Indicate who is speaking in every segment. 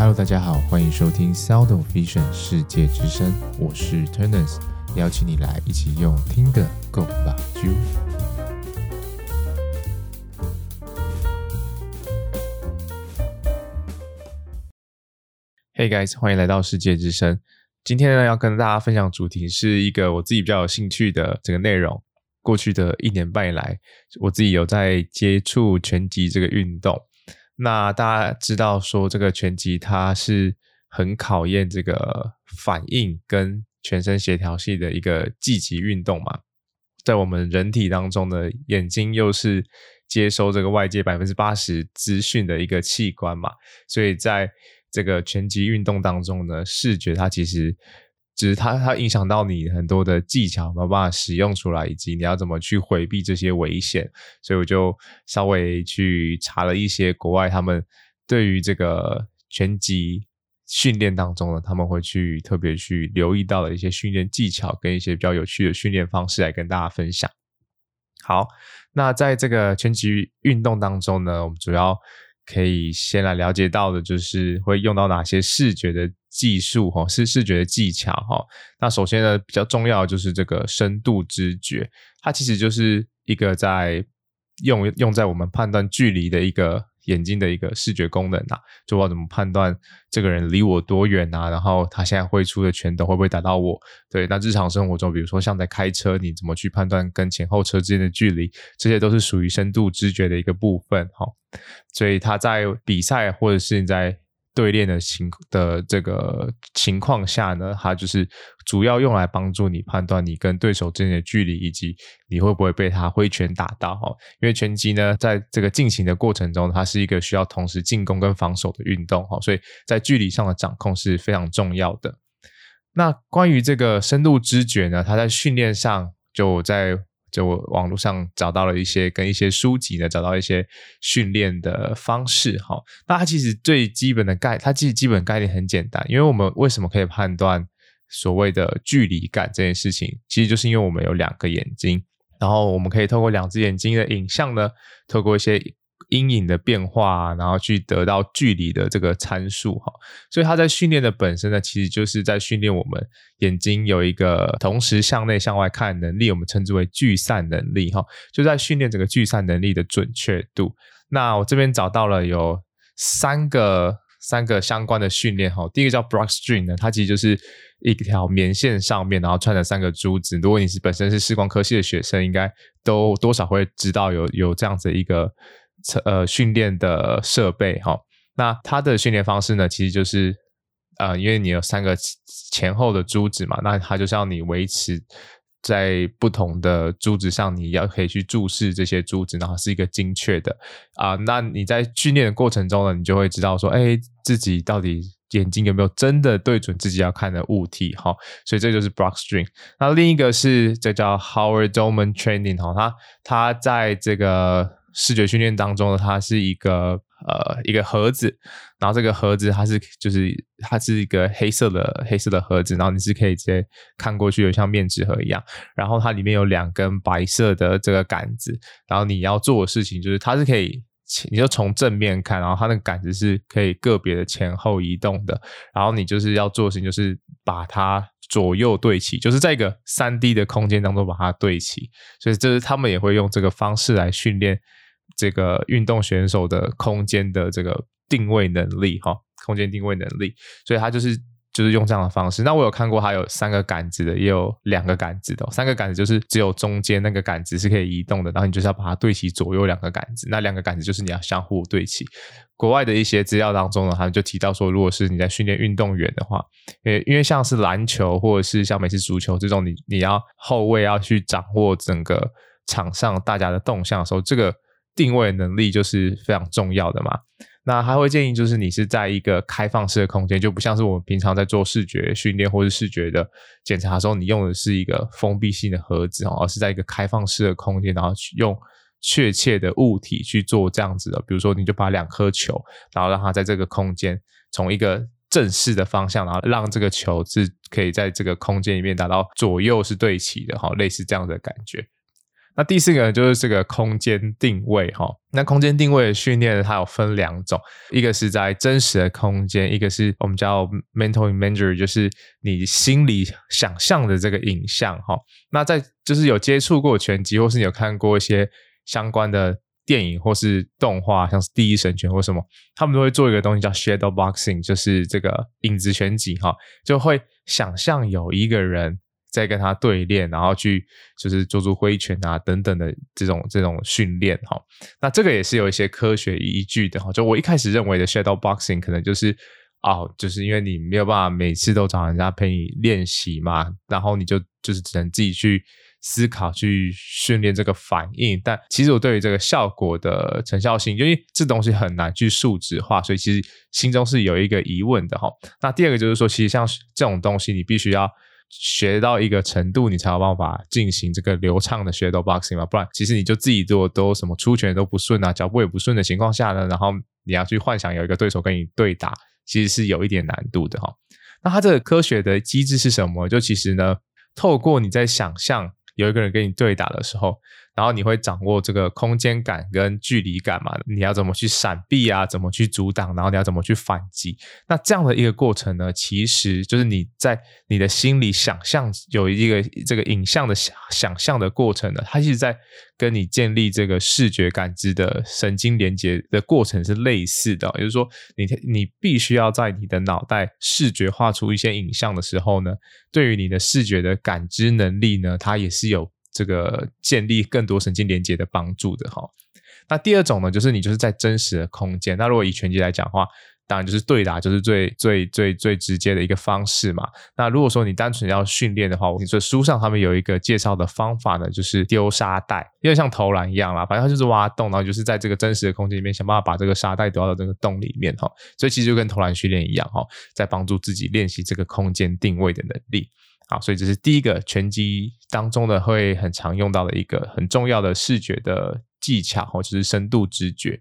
Speaker 1: Hello，大家好，歡迎收聽 Sound Vision 世界之聲，我是 Turners，邀請你來一起用聽的 Go 吧，Hey guys，歡迎來到世界之聲。今天呢，要跟大家分享主題是一個我自己比較有興趣的這個內容。過去的一年半以來，我自己有在接觸拳擊這個運動。那大家知道說這個拳擊它是很考驗這個反應跟全身協調性的一個積極運動嘛，在我們人體當中呢，眼睛又是接收這個外界百分之八十資訊的一個器官嘛，所以在這個拳擊運動當中呢，視覺它其實。只是它，它影響到你很多的技巧沒有辦法使用出來，以及你要怎麼去回避這些危險，所以我就稍微去查了一些國外他們對於這個拳擊訓練當中呢，他們會去特別去留意到的一些訓練技巧跟一些比較有趣的訓練方式來跟大家分享。好，那在這個拳擊運動當中呢，我們主要。可以先來了解到的就是會用到哪些視覺的技術哈，視視視覺的技巧哈。那首先呢，比較重要的就是這個深度知覺，它其實就是一個在用用在我們判斷距離的一個。眼睛的一個視覺功能吶、啊，就我怎麼判斷這個人離我多遠吶、啊？然後他現在揮出的拳頭會不會打到我？對，那日常生活中，比如說像在開車，你怎麼去判斷跟前後車之間的距離？這些都是屬於深度知覺的一個部分哈、哦。所以他在比賽，或者是你在。對練的情的這個情況下呢，它就是主要用來幫助你判斷你跟對手之間的距離，以及你會不會被他揮拳打到哈。因為拳擊呢，在這個進行的過程中，它是一個需要同時進攻跟防守的運動哈，所以在距離上的掌控是非常重要的。那關於這個深度知覺呢，它在訓練上就在。就我網絡上找到了一些跟一些書籍呢，找到一些訓練的方式。哈，那它其實最基本的概念，它其實基本概念很簡單，因為我們為什麼可以判斷所謂的距離感這件事情，其實就是因為我們有兩個眼睛，然後我們可以透過兩只眼睛的影像呢，透過一些。陰影的變化，然後去得到距離的這個參數哈，所以它在訓練的本身呢，其實就是在訓練我們眼睛有一個同時向內向外看能力，我們稱之為聚散能力哈，就在訓練整個聚散能力的準確度。那我這邊找到了有三個三個相關的訓練哈，第一個叫 Brock string，它其實就是一條棉線上面，然後串着三個珠子。如果你是本身是視光科系的學生，應該都多少會知道有有這樣子一個，呃，訓練的設備哈、哦，那它的訓練方式呢，其實就是啊、呃，因為你有三個前後的珠子嘛，那它就是要你維持在不同的珠子上，你要可以去注視這些珠子，然後是一個精確的啊、呃。那你在訓練的過程中呢，你就會知道說，哎，自己到底眼睛有沒有真的對準自己要看的物體哈、哦。所以這就是 Brock String。那另一個是這叫 Howard Dolman Training 哈、哦，他他在這個。視覺訓練當中的它，是一個呃一個盒子，然後這個盒子它是就是它是一個黑色的黑色的盒子，然後你是可以直接看過去有像面紙盒一樣，然後它裡面有兩根白色的這個桿子，然後你要做的事情就是它是可以，你就從正面看，然後它那個桿子是可以個別的前後移動的，然後你就是要做的事情就是把它。左右對齊，就是在一個 3D 的空間當中把它對齊，所以這是他們也會用這個方式來訓練這個運動選手的空間的這個定位能力哈，空間定位能力，所以它就是。就是用這樣的方式。那我有看過，它有三個桿子的，也有兩個桿子的哦。三個桿子就是只有中間那個桿子是可以移動的，然後你就是要把它對齊左右兩個桿子。那兩個桿子就是你要相互對齊。國外的一些資料當中呢，他們就提到說，如果是你在訓練運動員的話，因為因為像是籃球或者是像美式足球這種，你你要後衛要去掌握整個場上大家的動向的時候，這個定位能力就是非常重要的嘛。那他會建議，就是你是在一個開放式的空間，就不像是我們平常在做視覺訓練或者視覺的檢查的時候，你用的是一個封閉性的盒子哦，而是在一個開放式的空間，然後用確切的物體去做這樣子的，比如說你就把兩顆球，然後讓它在這個空間從一個正式的方向，然後讓這個球是可以在這個空間裡面達到左右是對齊的哈，類似這樣的感覺。那第四個呢，就是這個空間定位哈，那空間定位的訓練它有分兩種，一個是在真實的空間，一個是我們叫 mental imagery，就是你心裡想象的這個影像哈。那在就是有接觸過拳擊，或是你有看過一些相關的電影或是動畫，像是《第一神拳》或什麼，他們都會做一個東西叫 shadow boxing，就是這個影子拳擊哈，就會想象有一個人。再跟他對練，然後去就是做出揮拳啊等等的這種這種訓練哈。那這個也是有一些科學依據的哈。就我一開始認為的 shadow boxing 可能就是哦，就是因為你沒有辦法每次都找人家陪你練習嘛，然後你就就是只能自己去思考去訓練這個反應。但其實我對於這個效果的成效性，因為這東西很難去數值化，所以其實心中是有一個疑問的哈。那第二個就是說，其實像這種東西，你必須要。學到一個程度，你才有辦法進行這個流暢的 shadowboxing 嘛，不然其實你就自己做都什麼出拳都不順啊，腳步也不順的情況下呢，然後你要去幻想有一個對手跟你對打，其實是有一點難度的哈、哦。那它這個科學的機制是什麼？就其實呢，透過你在想象有一個人跟你對打的時候。然後你會掌握這個空間感跟距離感嘛，你要怎麼去閃避啊？怎麼去阻擋？然後你要怎麼去反擊？那這樣的一個過程呢，其實就是你在你的心裡想象有一個這個影像的想象的過程呢，它其實在跟你建立這個視覺感知的神經連接的過程是類似的哦。也就是說你，你你必須要在你的腦袋視覺畫出一些影像的時候呢，對於你的視覺的感知能力呢，它也是有這個建立更多神經連接的幫助的哈，那第二種呢，就是你就是在真實的空間。那如果以拳擊來講的話，當然就是對打，就是最最最最直接的一個方式嘛。那如果說你單純要訓練的話，我跟你說書上他們有一個介紹的方法呢，就是丟沙袋，因為像投籃一樣啦，反正它就是挖洞，然後就是在這個真實的空間裡面想辦法把這個沙袋丟到這個洞裡面哈。所以其實就跟投籃訓練一樣哈，在幫助自己練習這個空間定位的能力。好，所以這是第一個拳擊當中的會很常用到的一個很重要的視覺的技巧，或者是深度知覺。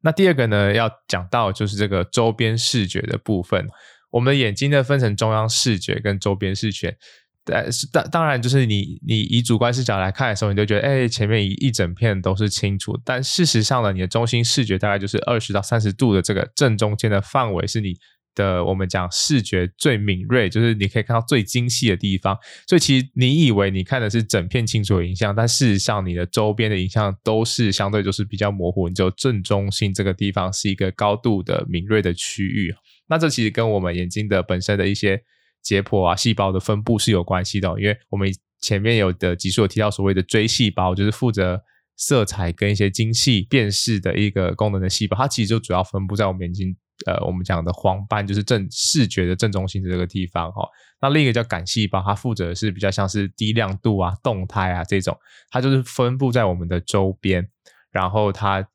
Speaker 1: 那第二個呢，要講到就是這個周邊視覺的部分。我們的眼睛呢，分成中央視覺跟周邊視覺。但是當當然，就是你你以主觀視角來看的時候，你就覺得哎，前面一整片都是清楚。但事實上呢，你的中心視覺大概就是二十到三十度的這個正中間的範圍是你。的我們講視覺最敏銳，就是你可以看到最精細的地方。所以其實你以為你看的是整片清楚的影像，但事實上你的周邊的影像都是相對就是比較模糊。你就正中心這個地方是一個高度的敏銳的區域。那這其實跟我們眼睛的本身的一些解剖啊、細胞的分布是有關係的哦。因為我們前面有的集數有提到所謂的錐細胞，就是負責色彩跟一些精細辨識的一個功能的細胞，它其實就主要分布在我們眼睛。呃，我們講的黃斑就是正視覺的正中心的這個地方齁。那另一個叫桿細胞，它負責的是比較像是低亮度啊、動態啊這種，它就是分布在我們的周邊。然後它，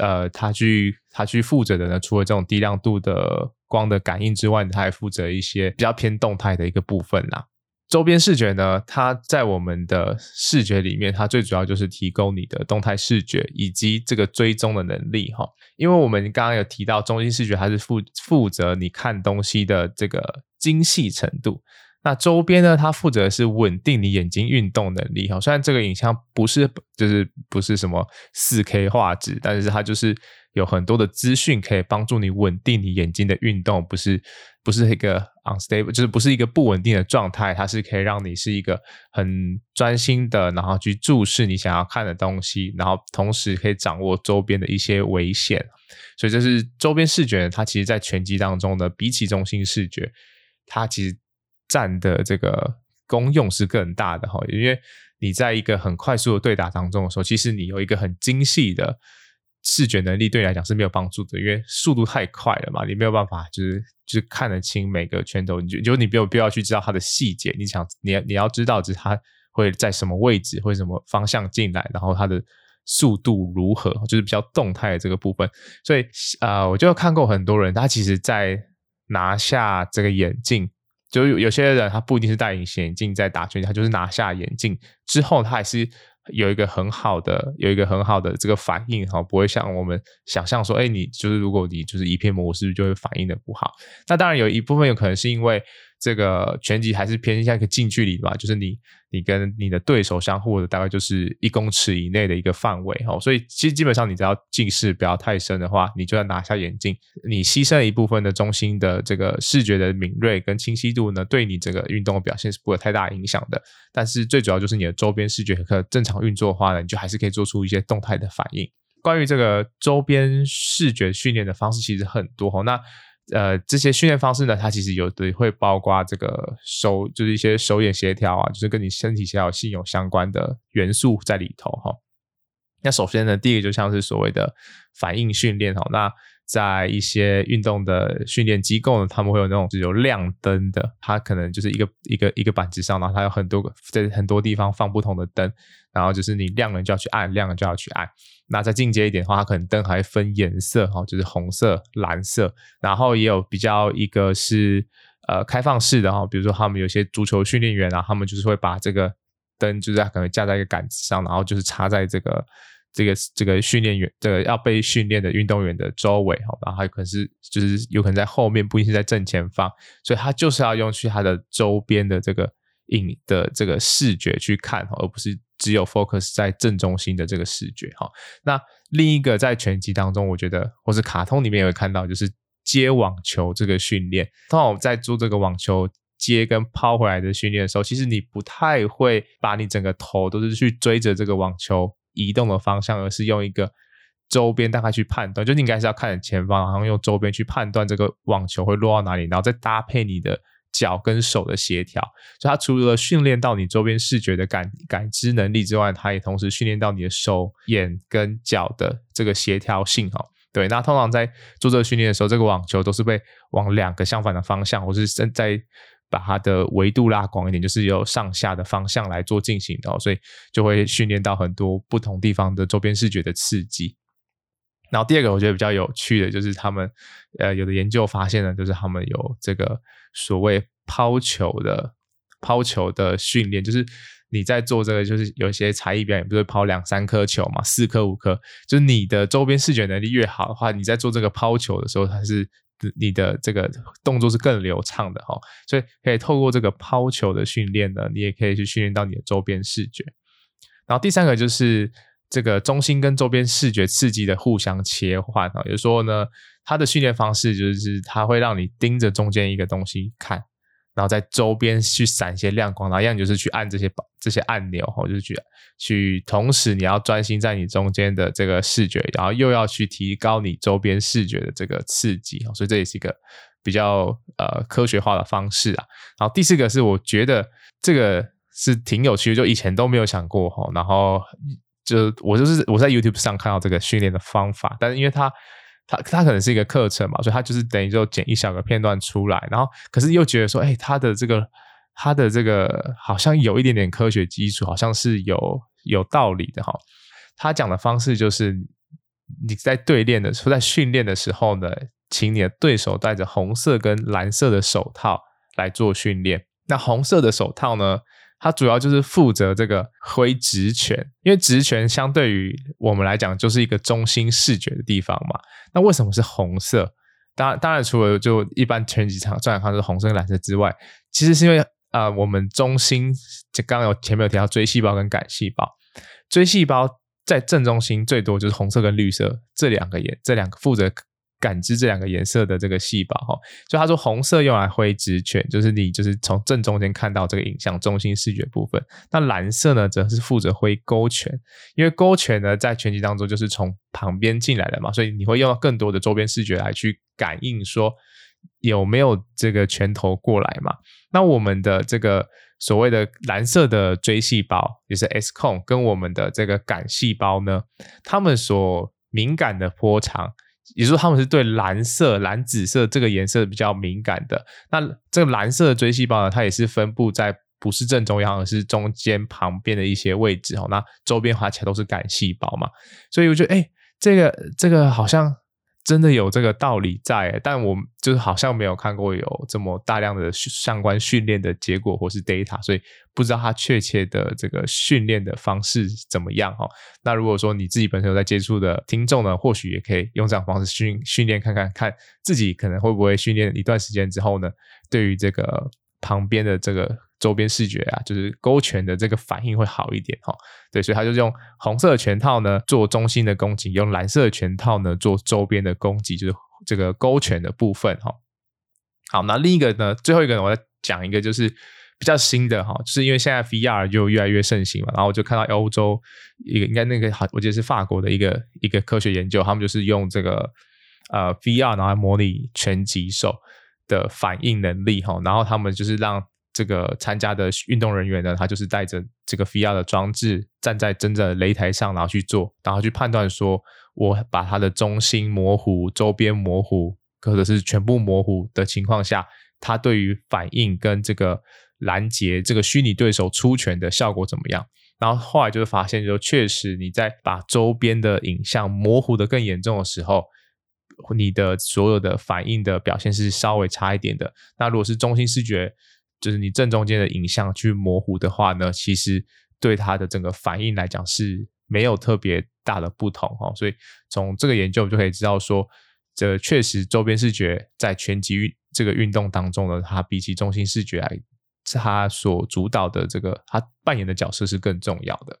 Speaker 1: 呃，它去它去負責的呢，除了這種低亮度的光的感應之外，它還負責一些比較偏動態的一個部分啦。周邊視覺呢，它在我們的視覺裡面，它最主要就是提供你的動態視覺以及這個追蹤的能力哈。因為我們剛剛有提到中心視覺，它是負負責你看東西的這個精細程度。那周邊呢，它負責的是穩定你眼睛運動能力哈。雖然這個影像不是就是不是什麼 4K 畫質，但是它就是。有很多的資訊可以幫助你穩定你眼睛的運動，不是不是一個 unstable，就是不是一個不穩定的狀態，它是可以讓你是一個很專心的，然後去注視你想要看的東西，然後同時可以掌握周邊的一些危險，所以這是周邊視覺，它其實在拳擊當中的比起中心視覺，它其實佔的這個功用是更大的哈，因為你在一個很快速的對打當中的時候，其實你有一個很精細的。視覺能力對你來講是沒有幫助的，因為速度太快了嘛，你沒有辦法、就是，就是就是看得清每個拳頭。你就，就你沒有必要去知道它的細節。你想，你要你要知道，就是它會在什麼位置，或者什麼方向進來，然後它的速度如何，就是比較動態的這個部分。所以，呃，我就看過很多人，他其實在拿下這個眼鏡，就有，有些人他不一定是戴隱形眼鏡在打拳，他就是拿下眼鏡之後，他還是。有一個很好的，有一個很好的這個反應哈，不會像我們想象說，哎，你就是如果你就是一片模式，就會反應的不好。那當然有一部分有可能是因為。這個拳擊還是偏向一個近距離吧，就是你你跟你的對手相互的大概就是一公尺以內的一個範圍，哦，所以其實基本上你只要近視不要太深的話，你就要拿下眼鏡，你犧牲一部分的中心的這個視覺的敏銳跟清晰度呢，對你這個運動的表現是不會太大影響的。但是最主要就是你的周邊視覺可正常運作的話呢，你就還是可以做出一些動態的反應。關於這個周邊視覺訓練的方式其實很多，哦，那。呃，這些訓練方式呢，它其實有的會包括這個手，就是一些手眼協調啊，就是跟你身體協調性有相關的元素在裡頭哈、哦。那首先呢，第一個就像是所謂的反應訓練哦，那在一些運動的訓練機構呢，他們會有那種只有亮燈的，它可能就是一個一個一個板子，上，然後它有很多個在很多地方放不同的燈。然後就是你亮了就要去按，亮了就要去按。那再進階一點的話，它可能燈還會分顏色哈，就是紅色、藍色，然後也有比較一個是呃開放式的哈，比如說他們有些足球訓練員啊，他們就是會把這個燈就是他可能架在一個桿子上，然後就是插在這個這個這個訓練員這個要被訓練的運動員的周圍哈，然後他可能是就是有可能在後面，不一定是在正前方，所以它就是要用去它的周邊的這個影的這個視覺去看，而不是。只有 focus 在正中心的這個視覺哈，那另一個在拳擊當中，我覺得或是卡通裡面也會看到，就是接網球這個訓練。通常我們在做這個網球接跟拋回來的訓練的時候，其實你不太會把你整個頭都是去追着這個網球移動的方向，而是用一個周邊大概去判斷，就你應該是要看前方，然後用周邊去判斷這個網球會落到哪裡，然後再搭配你的。腳跟手的協調，所以它除了訓練到你周邊視覺的感感知能力之外，它也同時訓練到你的手眼跟腳的這個協調性哦。對，那通常在做這個訓練的時候，這個網球都是被往兩個相反的方向，或是正在把它的維度拉廣一點，就是由上下的方向來做進行的哦，所以就會訓練到很多不同地方的周邊視覺的刺激。然後第二個我覺得比較有趣的就是他們，呃，有的研究發現呢，就是他們有這個所謂拋球的拋球的訓練，就是你在做這個，就是有些才藝表演不是拋兩三顆球嘛，四顆五顆，就是你的周邊視覺能力越好的話，你在做這個拋球的時候，它是你的這個動作是更流暢的哈、哦。所以可以透過這個拋球的訓練呢，你也可以去訓練到你的周邊視覺。然後第三個就是。這個中心跟周邊視覺刺激的互相切換啊，有時候呢，它的訓練方式就是它會讓你盯着中間一個東西看，然後在周邊去閃一些亮光，然後一樣就是去按這些這些按鈕哈，就是去去同時你要專心在你中間的這個視覺，然後又要去提高你周邊視覺的這個刺激哈，所以這也是一個比較呃科學化的方式啊。然後第四個是我覺得這個是挺有趣的，就以前都沒有想過哈，然後。就我就是我在 YouTube 上看到這個訓練的方法，但是因為他他他可能是一個課程嘛，所以他就是等於就剪一小個片段出來，然後可是又覺得說，哎，他的這個他的這個好像有一點點科學基礎，好像是有有道理的哈、哦。他講的方式就是你在對練的時候，在訓練的時候呢，請你的對手戴着紅色跟藍色的手套來做訓練。那紅色的手套呢？它主要就是負責這個灰職權，因為職權相對於我們來講就是一個中心視覺的地方嘛。那為什麼是紅色？當當然除了就一般拳擊場、正眼康是紅色、藍色之外，其實是因為啊、呃，我們中心就剛剛前面有提到錐細胞跟桿細胞，錐細胞在正中心最多就是紅色跟綠色這兩個顏，這兩個負責。感知這兩個顏色的這個細胞哈，所以他說紅色用來揮直拳，就是你就是從正中間看到這個影像中心視覺部分。那藍色呢，則是負責揮勾拳，因為勾拳呢在拳擊當中就是從旁邊進來的嘛，所以你會用到更多的周邊視覺來去感應說有沒有這個拳頭過來嘛。那我們的這個所謂的藍色的錐細胞，也是 S cone，跟我們的這個感細胞呢，它們所敏感的波長。也就是說，他們是對藍色、藍紫色這個顏色比較敏感的。那這個藍色的錐細胞呢，它也是分布在不是正中央，而是中間旁邊的一些位置哦。那周邊環起來都是桿細胞嘛，所以我覺得，哎、欸，這個這個好像。真的有這個道理在耶，但我就是好像沒有看過有這麼大量的相關訓練的結果或是 data，所以不知道它確切的這個訓練的方式怎麼樣哈哦。那如果說你自己本身有在接觸的聽眾呢，或許也可以用這樣方式訓訓練看看看自己可能會不會訓練一段時間之後呢，對於這個旁邊的這個。周邊視覺啊，就是勾拳的這個反應會好一點哈、哦。對，所以他就用紅色拳套呢做中心的攻擊，用藍色拳套呢做周邊的攻擊，就是這個勾拳的部分哈、哦。好，那另一個呢，最後一個呢，我要講一個就是比較新的哈、哦，就是因為現在 VR 就越來越盛行嘛，然後我就看到歐洲一個，應該那個好，我記得是法國的一個一個科學研究，他們就是用這個呃 VR 拿來模擬拳擊手的反應能力哈、哦，然後他們就是讓這個參加的運動人員呢，他就是帶着這個 VR 的裝置站在真正的擂臺上，然後去做，然後去判斷說，我把它的中心模糊、周邊模糊，或者是全部模糊的情況下，它對於反應跟這個攔截這個虛擬對手出拳的效果怎麼樣？然後後來就會發現，就確實你在把周邊的影像模糊得更嚴重的時候，你的所有的反應的表現是稍微差一點的。那如果是中心視覺，就是你正中間的影像去模糊的話呢，其實對它的整個反應來講是沒有特別大的不同哦，所以從這個研究就可以知道說，這個、確實周邊視覺在拳擊這個運動當中呢，它比起中心視覺來，它所主導的這個它扮演的角色是更重要的。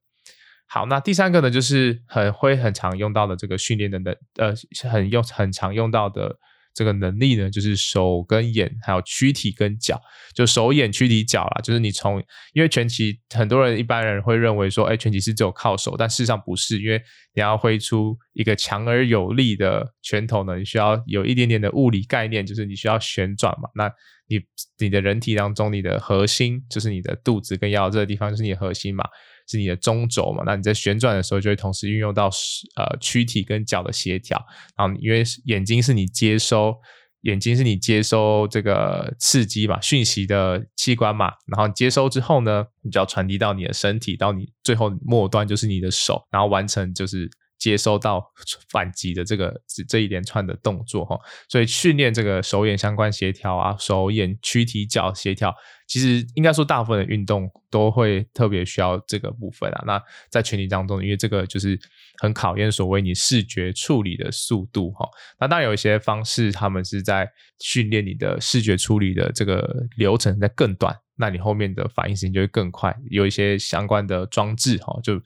Speaker 1: 好，那第三個呢，就是很會很常用到的這個訓練的的呃，很用很常用到的。這個能力呢，就是手跟眼，還有軀體跟腳，就手眼軀體腳啦。就是你從，因為拳擊，很多人一般人會認為說，誒，拳擊是只有靠手，但事實上不是，因為你要揮出一個強而有力的拳頭呢，你需要有一點點的物理概念，就是你需要旋轉嘛。那你你的人體當中，你的核心，就是你的肚子跟腰這個地方，就是你的核心嘛。是你的中軸嘛？那你在旋轉的時候，就會同時運用到呃軀體跟腳的協調。然後因為眼睛是你接收，眼睛是你接收這個刺激嘛，訊息的器官嘛。然後接收之後呢，你就要傳遞到你的身體，到你最後末端就是你的手，然後完成就是。接收到反擊的這個這一連串的動作。所以訓練這個手眼相關協調啊，手眼軀體腳協調，其實應該說大部分的運動都會特別需要這個部分啊。那在拳擊當中，因為這個就是很考驗所謂你視覺處理的速度哈。那當然有一些方式，他們是在訓練你的視覺處理的這個流程在更短，那你後面的反應時間就會更快。有一些相關的裝置哈，就。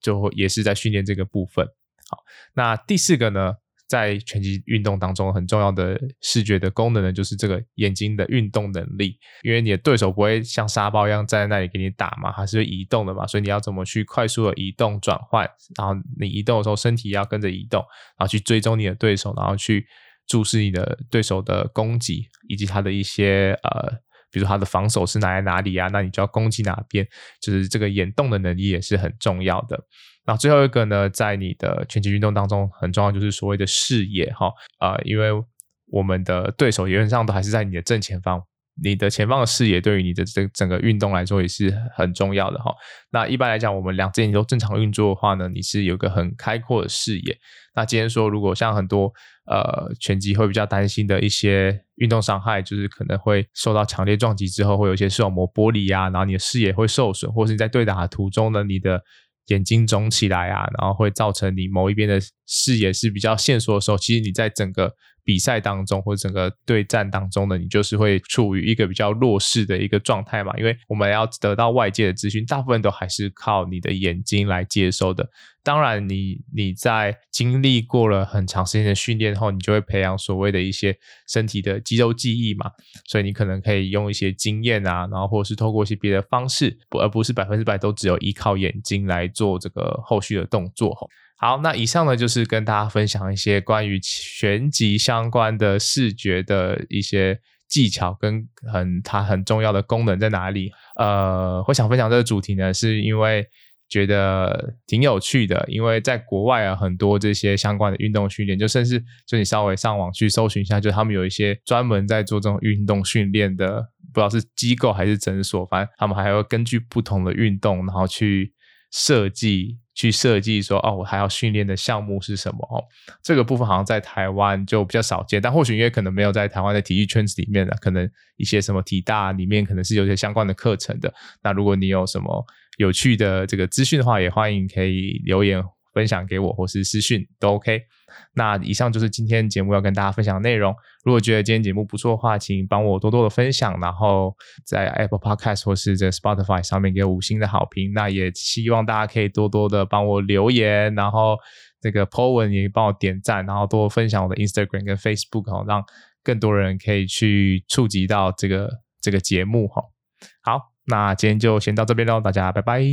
Speaker 1: 就也是在訓練這個部分。好，那第四個呢，在拳擊運動當中很重要的視覺的功能呢，就是這個眼睛的運動能力。因為你的對手不會像沙包一樣站在那裡給你打嘛，它是會移動的嘛，所以你要怎麼去快速的移動轉換，然後你移動的時候，身體要跟着移動，然後去追蹤你的對手，然後去注視你的對手的攻擊，以及他的一些呃。比如說他的防守是拿在哪裡啊？那你就要攻擊哪邊，就是這個眼動的能力也是很重要的。然後最後一個呢，在你的拳擊運動當中很重要，就是所謂的視野哈啊、呃，因為我們的對手理論上都還是在你的正前方。你的前方的視野對於你的這整個運動來說也是很重要的哈。那一般來講，我們兩隻眼睛都正常運作的話呢，你是有一個很開闊的視野。那今天說，如果像很多呃拳擊會比較擔心的一些運動傷害，就是可能會受到強烈撞擊之後，會有一些視網膜剝離啊，然後你的視野會受損，或是你在對打的途中呢，你的眼睛腫起來啊，然後會造成你某一邊的視野是比較限縮的時候，其實你在整個比賽當中或者整個對戰當中呢，你就是會處於一個比較弱勢的一個狀態嘛。因為我們要得到外界的資訊，大部分都還是靠你的眼睛來接收的。當然你，你你在經歷過了很長時間的訓練後，你就會培養所謂的一些身體的肌肉記憶嘛。所以你可能可以用一些經驗啊，然後或者是透過一些別的方式，而不是百分之百都只有依靠眼睛來做這個後續的動作。好，那以上呢就是跟大家分享一些關於拳擊相關的視覺的一些技巧，跟很它很重要的功能在哪裡。呃，我想分享這個主題呢，是因為覺得挺有趣的，因為在國外啊，很多這些相關的運動訓練，就甚至就你稍微上網去搜尋一下，就他們有一些專門在做這種運動訓練的，不知道是機構還是診所，反正他們還會根據不同的運動，然後去設計。去設計說哦，我還要訓練的項目是什麼哦？這個部分好像在台灣就比較少見，但或許因為可能沒有在台灣的體育圈子裡面的，可能一些什麼體大裡面可能是有些相關的課程的。那如果你有什麼有趣的這個資訊的話，也歡迎可以留言。分享給我，或是私訊都 OK。那以上就是今天節目要跟大家分享的內容。如果覺得今天節目不錯的話，請幫我多多的分享，然後在 Apple Podcast 或是在 Spotify 上面給五星的好評。那也希望大家可以多多的幫我留言，然後這個 po 文也幫我點贊，然後多多分享我的 Instagram 跟 Facebook，哦，讓更多人可以去觸及到這個這個節目哈，哦。好，那今天就先到這邊嘍，大家拜拜。